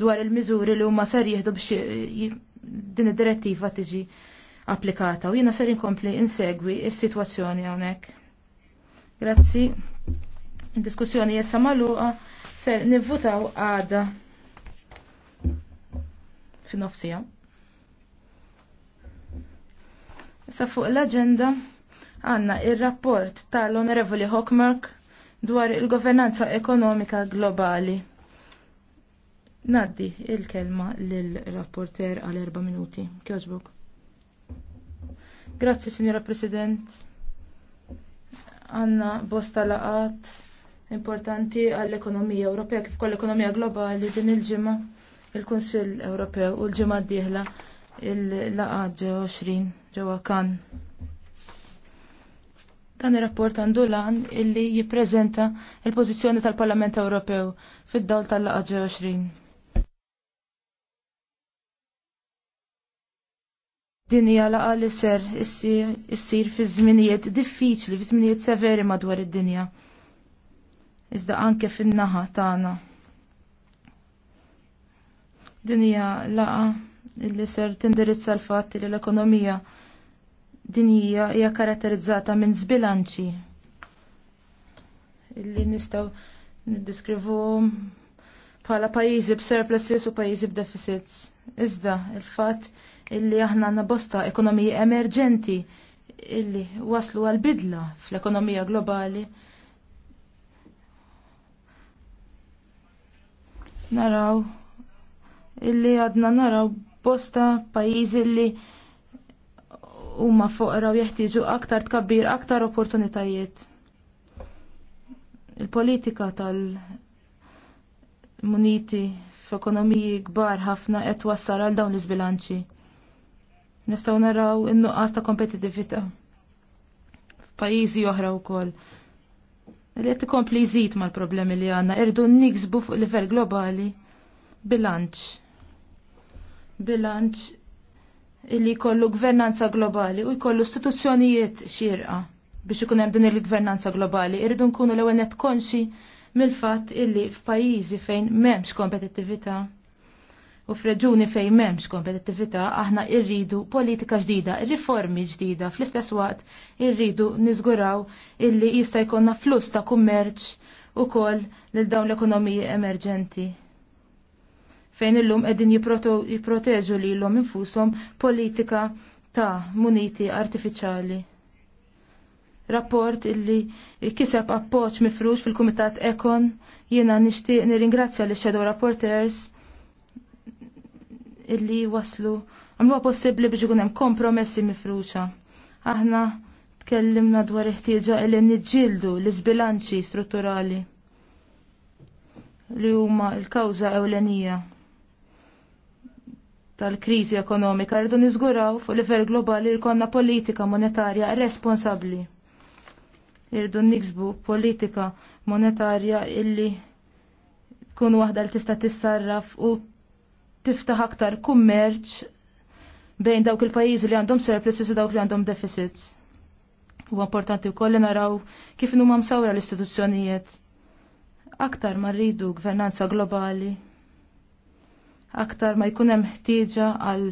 dwar il-miżuri li huma ser jieħdu biex din id-direttiva tiġi applikata u jiena ser inkompli insegwi is-sitwazzjoni hawnhekk. Grazzi. Id-diskussjoni jessa magħluqa ser nivvutaw għada fin-nofsija. Sa fuq l-agenda għanna il-rapport tal-Onorevoli Hockmark dwar il-governanza ekonomika globali. Naddi il-kelma lill-rapporter għal erba' minuti. Kjoġbok. Grazzi, Signora President. Għanna bosta laqat importanti għall-ekonomija Ewropea kif koll ekonomija globali din il-ġimgħa il-Kunsill Ewropew u l-ġimgħa d-dieħla il-laqat ġew 20 ġewwa kan. Dan ir-rapport għandu lan illi jippreżenta il-pożizzjoni tal-Parlament Ewropew fid-dawl tal-laqgħa 20. Din hija laqa li ser issir fi żminijiet diffiċli, fi żminijiet severi madwar id-dinja. Iżda anke fin-naħa tagħna. laqa li ser tindirizza l fatti li l-ekonomija dinija hija karatterizzata minn zbilanċi illi nistgħu niddiskrivu bħala pajjiżi b'surpluses u pajjiżi b'deficits. Iżda, il-fatt illi aħna għandna bosta ekonomija emerġenti illi waslu għal bidla fl-ekonomija globali. Naraw illi għadna naraw bosta pajjiżi illi huma foqra u jeħtieġu aktar tkabbir, aktar opportunitajiet. Il-politika tal-muniti f'ekonomiji kbar ħafna qed wassal għal dawn l-iżbilanċi nistaw naraw in-nuqqas ta' kompetitività f'pajjiżi oħra wkoll. Li qed ikompli jżid mal-problemi li għandna irdu niksbu fuq livell globali bilanċ. Bilanċ illi jkollu gvernanza globali u jkollu istituzzjonijiet xirqa biex ikun hemm din il-gvernanza globali. Irridu nkunu l-ewwel konxi mill-fatt illi f'pajjiżi fejn m'hemmx kompetittività U f'reġuni fejn m'hemmx kompetittività aħna rridu politika ġdida, riformi ġdida, fl-istess waqt irridu niżguraw illi jista' jkollna flus ta' kummerċ ukoll lil dawn l-ekonomiji emerġenti fejn illum qegħdin jipproteġu lilhom infushom politika ta' muniti artifiċjali rapport illi kiseb appoġġ mifrux fil-Kumitat Ekon jiena nixtieq nirringrazzja li shadow rapporters illi waslu għamlu possibbli biex ikun hemm kompromessi mifruxa. Aħna tkellimna dwar iħtieġa illi niġġieldu l-iżbilanċi strutturali li huma l-kawża ewlenija tal-kriżi ekonomika rridu niżguraw fuq livell globali li konna politika monetarja responsabbli. Irridu niksbu politika monetarja illi tkun waħda li tista' tissarraf u tiftaħ aktar kummerċ bejn dawk il-pajjiżi li għandhom surpluses u dawk li għandhom deficits. Huwa importanti wkoll li naraw kif huma msawra l-istituzzjonijiet. Aktar ma rridu gvernanza globali. Aktar ma jkun hemm ħtieġa għal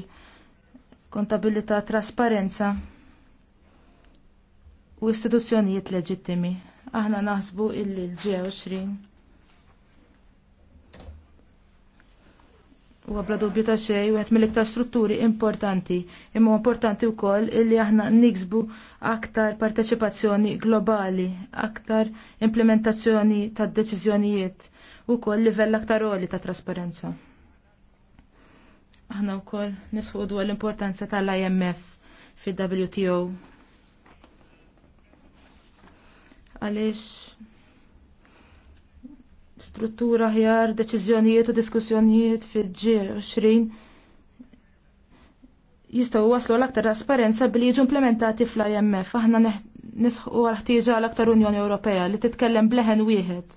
kontabilità trasparenza u istituzzjonijiet leġittimi. Aħna naħsbu illi l-G20 U għabla dubju ta' xej, u għet mill-iktar strutturi importanti, imma importanti u koll illi aħna niksbu aktar parteċipazzjoni globali, aktar implementazzjoni ta' deċizjonijiet u koll livell aktar oli ta' trasparenza. Aħna u koll nisħu dwar l-importanza tal-IMF fil-WTO. Għalix, struttura ħjar, deċiżjonijiet u diskussjonijiet fil-G20 jistaw waslu l-aktar trasparenza billi jiġu implementati fl-IMF. Aħna nisħu għal ħtijġa l-aktar Unjoni Ewropea li titkellem bleħen wieħed.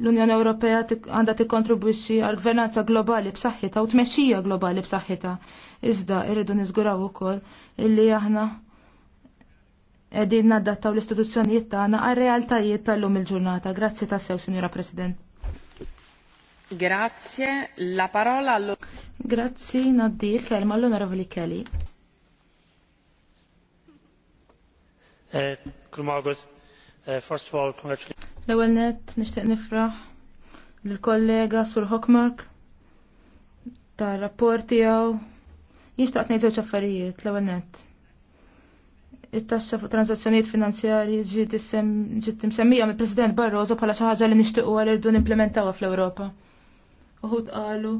L-Unjoni Ewropea għandha tikkontribwixxi għal gvernanza globali b'saħħitha u tmexxija globali b'saħħitha. Iżda irridu niżguraw ukoll illi aħna qegħdin naddattaw l-istituzzjonijiet tagħna għar-realtajiet tal-lum il-ġurnata. Grazzi tassew, Signora President. Grazie, la parola allo... Grazzi, naddi l-kelma l-Onorevoli Kelly. Eh, eh, first of all, congratulations. L-ewwel nett nixtieq nifraħ lill-kollega Sur Hockmark tar-rapport tiegħu jinxtaqt ngħid żewġ affarijiet l-ewwel nett it-taxxa fuq transazzjonijiet finanzjarji ġiet imsemmija mill president Barroso bħala xi ħaġa li nixtiequ għal irdu nimplementawha fl-Ewropa. Uħud qalu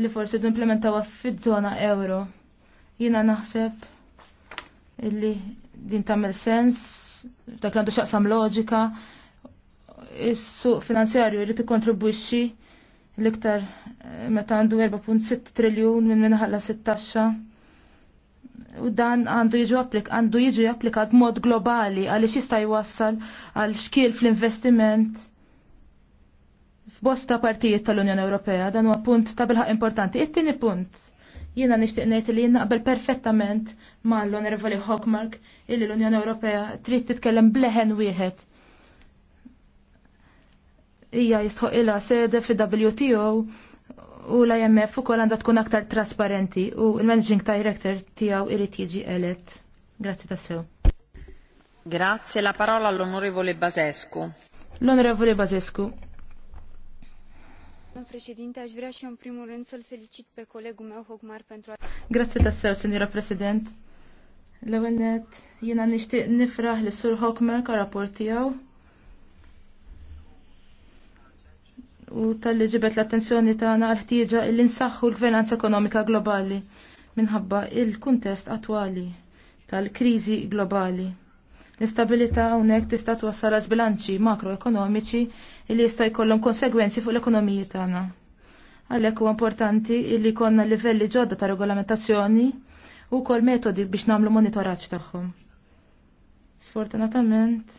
li forsi irdu nimplementawha fiż-żona euro. Jiena naħseb illi din tagħmel sens, dak għandu xaqsam loġika, is-suq finanzjarju jrid ikkontribwixxi l-iktar eh, meta għandu 4.6 triljun minn minħalla 16 u dan għandu jiġu applik għandu jiġu applikat mod globali għaliex jista' jwassal għal xkiel fl-investiment f'bosta partijiet tal-Unjoni Ewropea dan huwa punt ta' bilħaq importanti. It-tieni punt jiena nixtieq ngħid li naqbel perfettament mal onervali onorevoli Hockmark illi l-Unjoni Ewropea trid titkellem bleħen wieħed. Hija jistħoq ilha sede fi WTO u la jemmef ukoll għandha tkun aktar trasparenti u il-managing director tiegħu irid jiġi elett. Grazzi sew. Grazie, la parola all'onorevole Basescu. L'onorevole Basescu. Președinte, aș vrea și în primul rând să-l felicit pe colegul meu, Hogmar, pentru... Grazie tassew, senora President. L-ewwel net jiena nixtieq nifraħ sur Hogmar ca rapport tiegħu u tal-li ġibet l-attenzjoni tagħna għal ħtieġa li nsaħħu l-gvernanza ekonomika globali minħabba il-kuntest attwali tal-kriżi globali. L-istabilità hawnhekk tista' twassal bilanċi makroekonomiċi li jista' jkollhom konsegwenzi fuq l-ekonomiji tagħna. Għalhekk huwa importanti li jkollna livelli ġodda ta' regolamentazzjoni u kol metodi biex namlu monitoraċ tagħhom. Sfortunatament,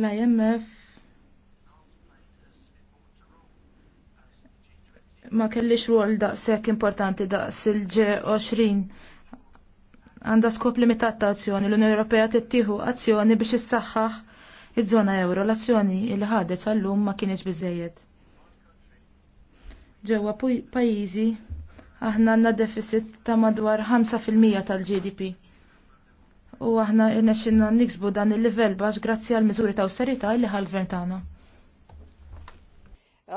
L-IMF ma kellix rol daqshekk importanti da' sil g 20 għandha skop limitat ta' azzjoni l-Unjoni Ewropea tittieħu azzjoni biex issaħħaħ iż-żona euro l-azzjoni li ħadet għallum ma kienx biżejjed. Ġewwa pajjiżi aħna għandna deficit ta' madwar 5% tal-GDP u aħna irnexxinna niksbu dan il-livell bax grazzi għal miżuri ta' austerità li ħal-gvern tagħna.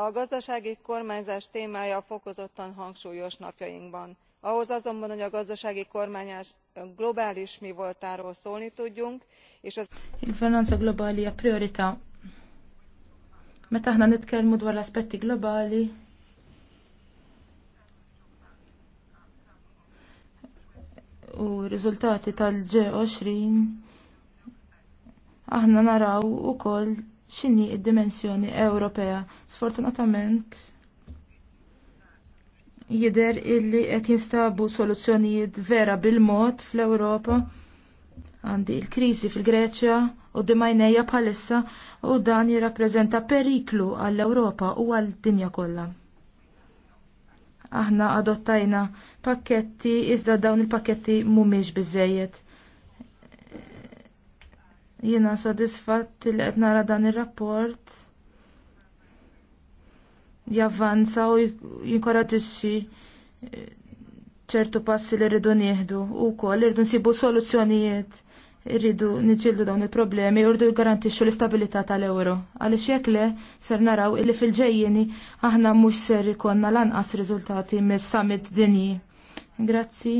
A gazdasági kormányzás témája fokozottan hangsúlyos napjainkban. Ahhoz azonban, hogy a gazdasági kormányzás globális mi voltáról szólni tudjunk, és az... Il-finanza globali a priorità. Meta aħna nitkellmu dwar l-aspetti globali, u r-riżultati tal-G20 aħna naraw ukoll x'inhi id-dimensjoni Ewropea. Sfortunatament jidher illi qed jinstabu soluzzjonijiet vera bil-mod fl-Ewropa għandi il-kriżi fil-Greċja u dimajnejja bħalissa u dan jirrappreżenta periklu għall-Ewropa u għall-dinja kollha. Aħna adottajna pakketti, iżda dawn il-pakketti mumiex bizzejiet. Jena sodisfatt li qed nara dan ir-rapport javvanza u jinkoraġixxi eh, ċertu passi li rridu nieħdu u wkoll irridu nsibu soluzzjonijiet irridu niġildu dawn il-problemi u rridu garantixxu l-istabilità tal-euro. Għaliex jekk le ser naraw illi fil-ġejjeni aħna mhux ser ikonna lanqas riżultati mis-summit dinji. Grazzi.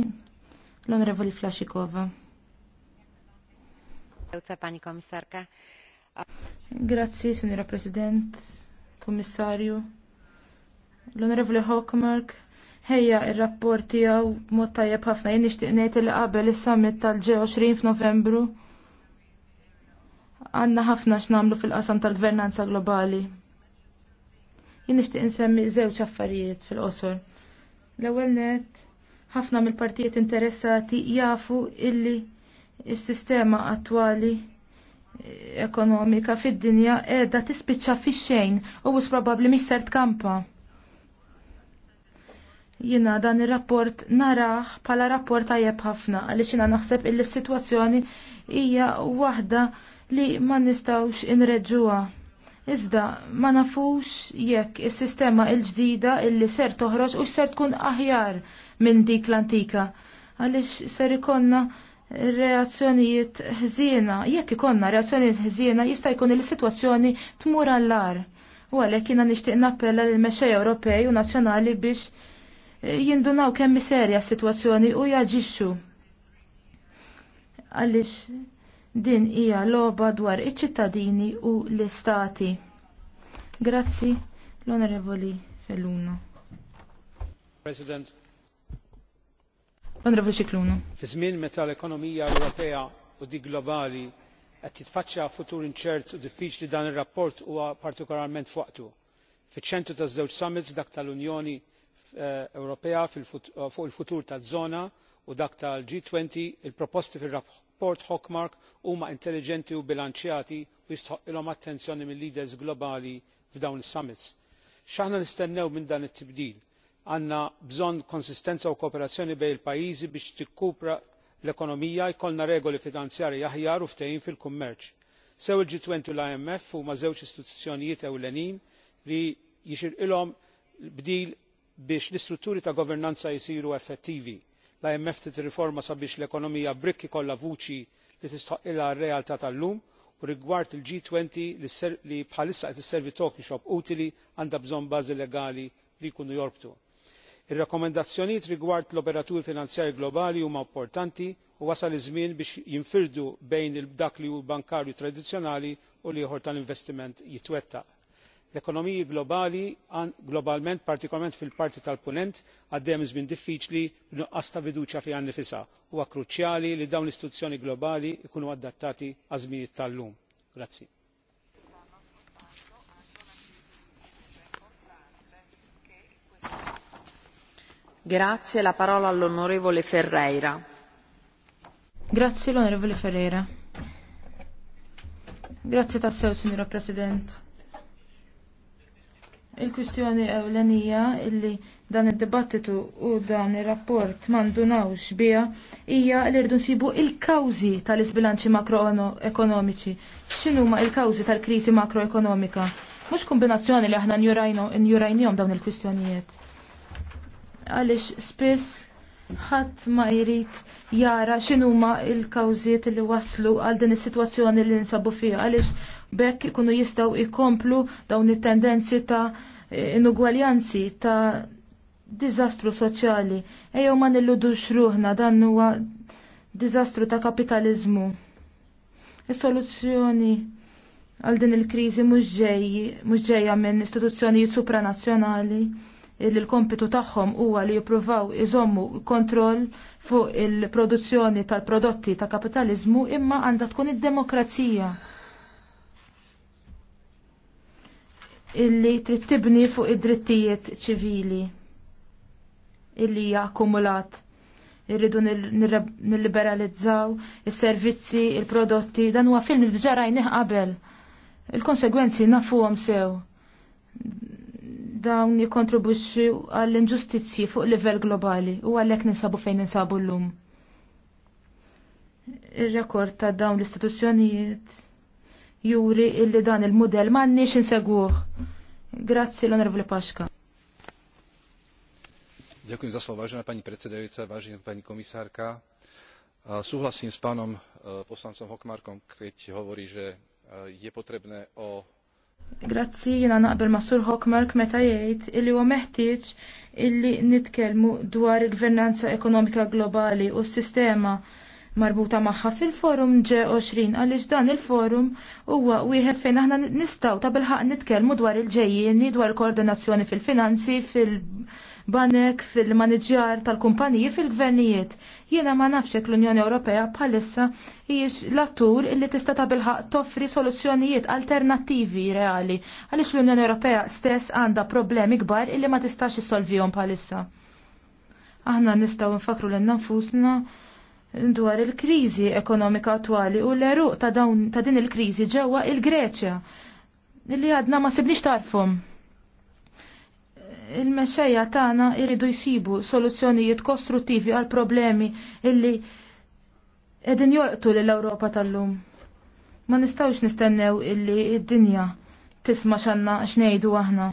L-Onorevoli Flashikova. Pani Komissarka. Grazzi, Signora President, Kommissarju. L-Onorevoli Hockmark ħejja ir-rapport tiegħu mod tajjeb ħafna jien nixtieq ngħid li qabel is-summit tal-G20 f'Novembru. Għandna ħafna x'namlu fil-qasam tal-gvernanza globali. Jien nixtieq insemmi żewġ affarijiet fil-qosor. L-ewwel net ħafna mill-partijiet interessati jafu illi is-sistema attwali ekonomika fid-dinja qiegħda tispiċċa fix-xejn u probabbli mhix ser tkampa. Jina dan ir-rapport narax pala rapport tajjeb ħafna għaliex xina naħseb illi situazzjoni sitwazzjoni hija waħda li ma nistawx inreġuha. Iżda ma nafux jekk is-sistema il l-ġdida illi ser toħroġ u ser tkun aħjar minn dik l-antika għaliex ser ikonna reazzjonijiet ħżiena, jekk ikonna reazzjonijiet ħżiena jista' jkun il-sitwazzjoni tmur għallar. U għalhekk jiena nixtieq nappella lill mexxej Ewropej u nazzjonali biex jindunaw kemm serja s-sitwazzjoni u jaġixxu. Għaliex din hija logħba dwar iċ-ċittadini u l-istati. Grazzi l-Onorevoli Feluno. President. Onorevoli Xikluna. Fi żmien meta l-ekonomija Ewropea u dik globali qed titfaċċa futur inċert u diffiċli dan ir-rapport huwa partikolarment fuqtu. Fiċ-ċentru taż-żewġ summits dak tal-Unjoni Eh, Ewropea eh, fuq il-futur taż-żona u dak tal-G20 il-proposti fir-rapport Hockmark huma intelligenti u bbilanċjati u jistħoqilhom attenzjoni mill-leaders globali f'dawn is-summits. X'aħna nistennew minn dan it-tibdil? Għandna bżonn konsistenza u kooperazzjoni bejn il-pajjiżi biex tikkupra l-ekonomija jkollna regoli finanzjarji aħjar u ftehim fil-kummerċ. Sew il-G20 u l-IMF huma żewġ istituzzjonijiet ewlenin li jixirqilhom bdil biex l-istrutturi ta' governanza jsiru effettivi l-imf trid riforma sabiex l-ekonomija brik kollha vuċi li tistħoqqilha r-realtà tal-lum u rigward il g 20 li bħalissa qed isservi talking shop utili għandha bżonn bażi legali li jkunu jorbtu. ir-rakkomandazzjonijiet rigward l-operaturi finanzjarji globali huma importanti u wasal iż-żmien biex jinfirdu bejn dak li hu bankarju tradizzjonali u l tal-investiment jitwettaq l-ekonomiji globali globalment partikolarment fil-parti tal punent għaddejja minn żmien diffiċli b'nuqqas ta' fiduċja fiha nnifisha u huwa kruċjali li dawn l-istituzzjoni globali jkunu adattati għaż żminijiet tal-lum. Grazie, la parola all'onorevole Ferreira. Grazie l'onorevole Ferreira. Grazie tassew, signora Presidente. Il-kwistjoni ewlenija illi dan id-dibattitu u dan ir-rapport mandunawx biha hija li rridu nsibu il-kawżi tal-isbilanċi makroekonomiċi. X'inhu ma il-kawżi tal-kriżi makroekonomika? Mhux kombinazzjoni li aħna njurajnihom dawn il-kwistjonijiet. Għaliex spiss ħadd ma jrid jara x'inhuma l-kawżiet li waslu għal din is-sitwazzjoni li nsabu fiha għaliex bekk ikunu jistaw ikomplu dawn it-tendenzi ta' inugwaljanzi ta' dizastru soċjali. Ejjew ma nilludux ruħna dan huwa dizastru ta' kapitalizmu. Is-soluzzjoni għal din il-kriżi mhux ġejja minn istituzzjonijiet supranazzjonali li l-kompitu tagħhom huwa li jippruvaw iżommu kontroll fuq il-produzzjoni tal-prodotti ta' kapitalizmu imma għandha tkun id-demokrazija illi trid tibni fuq id-drittijiet ċivili illi hija akkumulat. Irridu nilliberalizzaw is-servizzi, il-prodotti, dan huwa film li ġaraj qabel. Il-konsegwenzi nafuhom sew. Dawn jikontribwixxi għall-inġustizzji fuq livell globali u għalhekk ninsabu fejn ninsabu llum. Ir-rekord ta' dawn l-istituzzjonijiet juri illi dan il-modell m'għandniex inseguh. Grazzi l-Onorevoli Paxka. Dziękuję za słowa, vážená pani predsedajúca, vážená pani komisárka. Súhlasím s pánom poslancom Hokmarkom, keď hovorí, že je potrebné o Grazzi, jena naqbel ma' Sur Hokmark meta jgħid illi huwa meħtieġ illi nitkellmu dwar il-gvernanza ekonomika globali u s-sistema marbuta magħha fil-forum G20 għaliex dan il-forum huwa wieħed fejn aħna nistgħu ta' bilħaq nitkellmu dwar il-ġejjieni dwar koordinazzjoni fil-finanzi, fil-banek, fil-maniġjar tal-kumpaniji, fil-gvernijiet. Jiena ma nafx hekk l-Unjoni Ewropea bħalissa hijiex l-attur illi tista' ta' bilħaq toffri soluzzjonijiet alternattivi reali għaliex l-Unjoni Ewropea stess għandha problemi kbar illi ma tistax issolvihom bħalissa. Aħna nistgħu nfakru l nafusna dwar il-kriżi ekonomika attwali u l-eruq ta' dawn ta' din il-kriżi ġewwa il-Greċja li għadna ma sibniex tarfum. Il-mexxejja tagħna jridu jsibu soluzzjonijiet kostruttivi għal problemi illi qegħdin jolqtu lill-Ewropa tal-lum. Ma nistgħux nistennew illi id-dinja tisma' x'għandna x'ngħidu aħna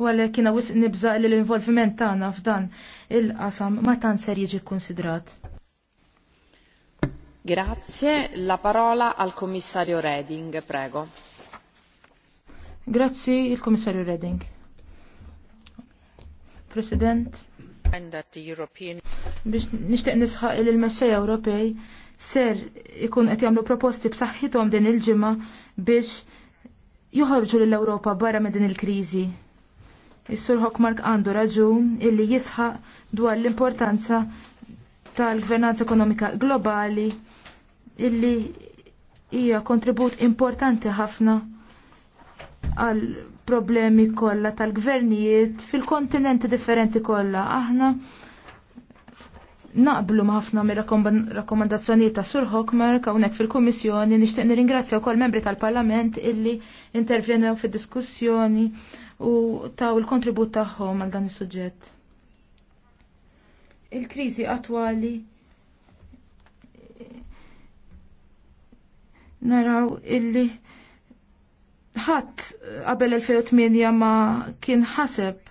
u għalhekk jiena wisq nibża l-involviment tagħna f'dan il-qasam ma tant ser jiġi kkunsidrat. Grazie, la parola al commissario Reding, prego. Grazie, il commissario Reding. President, biex nishtiq nisħaq il mexxej Ewropej ser ikun qed jagħmlu proposti b'saħħithom din il-ġimgħa biex joħorġu lill-Ewropa barra minn din il-kriżi. Is-Sur Hokmark għandu raġun illi jisħaq dwar l-importanza tal-gvernanza ekonomika globali illi hija kontribut importanti ħafna għal problemi kollha tal-gvernijiet fil-kontinenti differenti kollha. Aħna naqblu ma' ħafna mir rakkomandazzjonijiet ta' Sur Hokmark hawnhekk fil-Kummissjoni nixtieq nirringrazzja wkoll membri tal-Parlament illi intervjenew fid-diskussjoni u taw il-kontribut tagħhom għal dan is-suġġett. Il-kriżi attwali naraw illi ħadd qabel 2008 ma kien ħaseb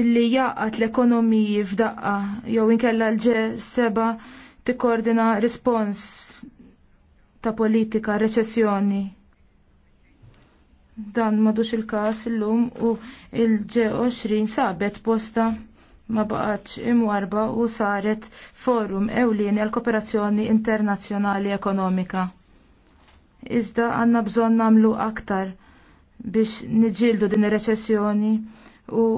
illi jaqat l-ekonomiji f'daqqa jew inkella l ġ seba tikkoordina rispons ta' politika, reċessjoni. Dan madux il-kas illum u il ġe 20 sabet posta ma baqatx imwarba u saret forum ewlieni għal kooperazzjoni internazzjonali ekonomika. Iżda għanna bżon namlu aktar biex nġildu din ir-reċessjoni u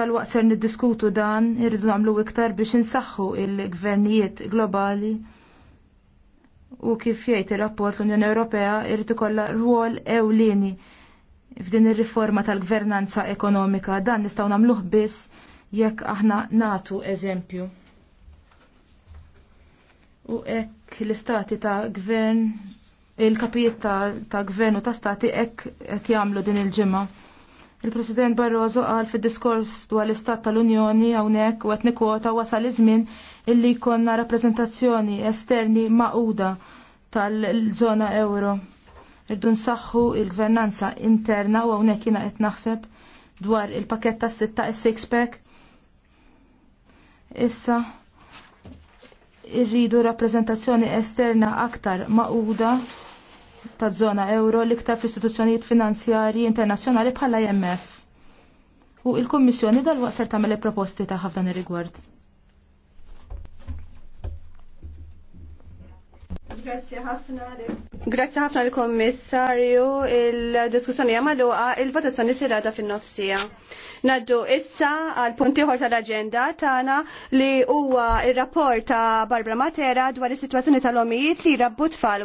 dal waqser niddiskutu dan irridu namlu iktar biex insaħħu il-gvernijiet globali U kif jgħid ir-rapport l-Unjoni Ewropea jrid ikollha rwol ewlieni f'din ir-riforma tal-gvernanza ekonomika. Dan nistgħu nagħmluh biss jekk aħna natu eżempju. U hekk l-istati ta' gvern, il-kapijiet ta', ta gvern u ta' stati hekk qed jagħmlu din il-ġimgħa. Il-President Barroso għal fi diskors dwar l-Istat tal-Unjoni hawnhekk u qed nikkwota wasal iż-żmien illi jkollna rappreżentazzjoni esterni maquda tal-żona euro. Irdu nsaħħu il-gvernanza interna u hawnhekk jiena qed naħseb dwar il paket tas-sitta is-six pack. Issa irridu rappreżentazzjoni esterna aktar maquda ta' zona euro l-iktar f'istituzzjonijiet finanzjarji internazzjonali bħala IMF. U il-Kommissjoni dal-waqser tagħmel proposti ta' ħafna ir-rigward. Grazie ħafna l-Kommissarju, il-diskussjoni jamaluqa, il-votazzjoni sirada fin-nofsija. Naddu issa għal puntiħor tal-agenda tagħna li huwa il rapport ta' Barbara Matera dwar is-sitwazzjoni tal-omijiet li rabbu tfal